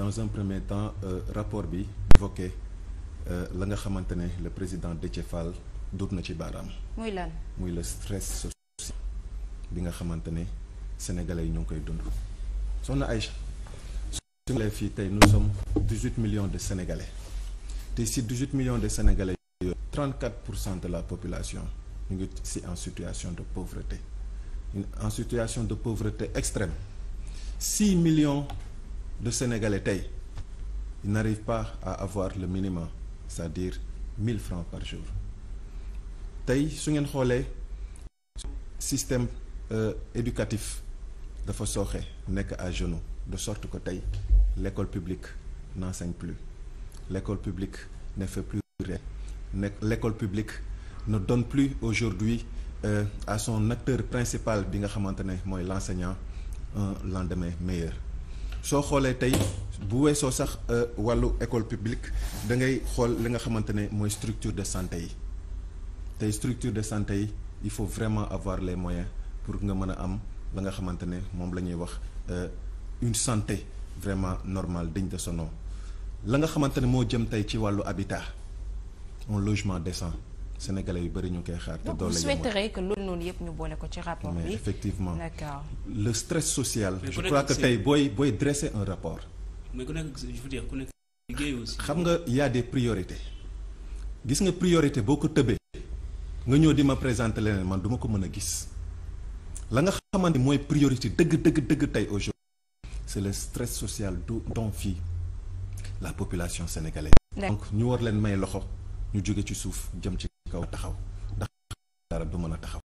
dans un premier temps euh, rapport bi évoqué euh, la nga xamante ne le président Déthié Fall dóor na ci baaraam. muy lan muy le stress social bi nga xamante ne sénégalais yi ñoo ngi koy dund. soxna Aïcha su ma fii tey nous sommes dix huit millions de sénégalais te si dix huit millions de sénégalais yooyu trente pour cent de la population ñu ngi si en situation de pauvreté en situation de pauvreté extrême six millions. de Sénégalais tey ils n'arrivent pas à avoir le minimum cest dire mille francs par jour tey su ngeen xoolee système euh, éducatif dafa sooxe nekk à genoux de sorte que tey l'école publique n'enseigne plus l'école publique ne fait plus rien nekk l'école publique ne donne plus aujourd'hui euh, à son acteur principal bi nga xamante ne mooy l'enseignant un lendemain meilleur soo xoolee tey bu weesoo sax euh, wàllu école publique da ngay xool li nga xamante ne mooy structure de santé yi tey structure de santé yi il faut vraiment avoir les moyens pour nga mën a am la nga xamante ne moom la ñuy wax euh, une santé vraiment normale digne de son la nga xamante ne moo jëm tey ci wàllu habitat un logement décent sénégalais yu bëri ñu koy xaar. te doole souhaiterez que loolu noonu yëpp ñu boole ko ci rapport bi. le stress social. je crois que tey booy booy dresser un rapport. mais ku nekk je veux dire ku nekk xam nga y a des priorités gis nga priorité boo ko tëbee nga ñëw di ma présenter leneen man duma ko mën a gis la nga xamante mooy priorité dëgg dëgg dëgg tey aujourd'hui c'est le stress social dont fii la population sénégalaise. donc ñu war leen may loxo ñu jóge ci suuf jëm ci. kaw taxaw ndax dara du mën a taxaw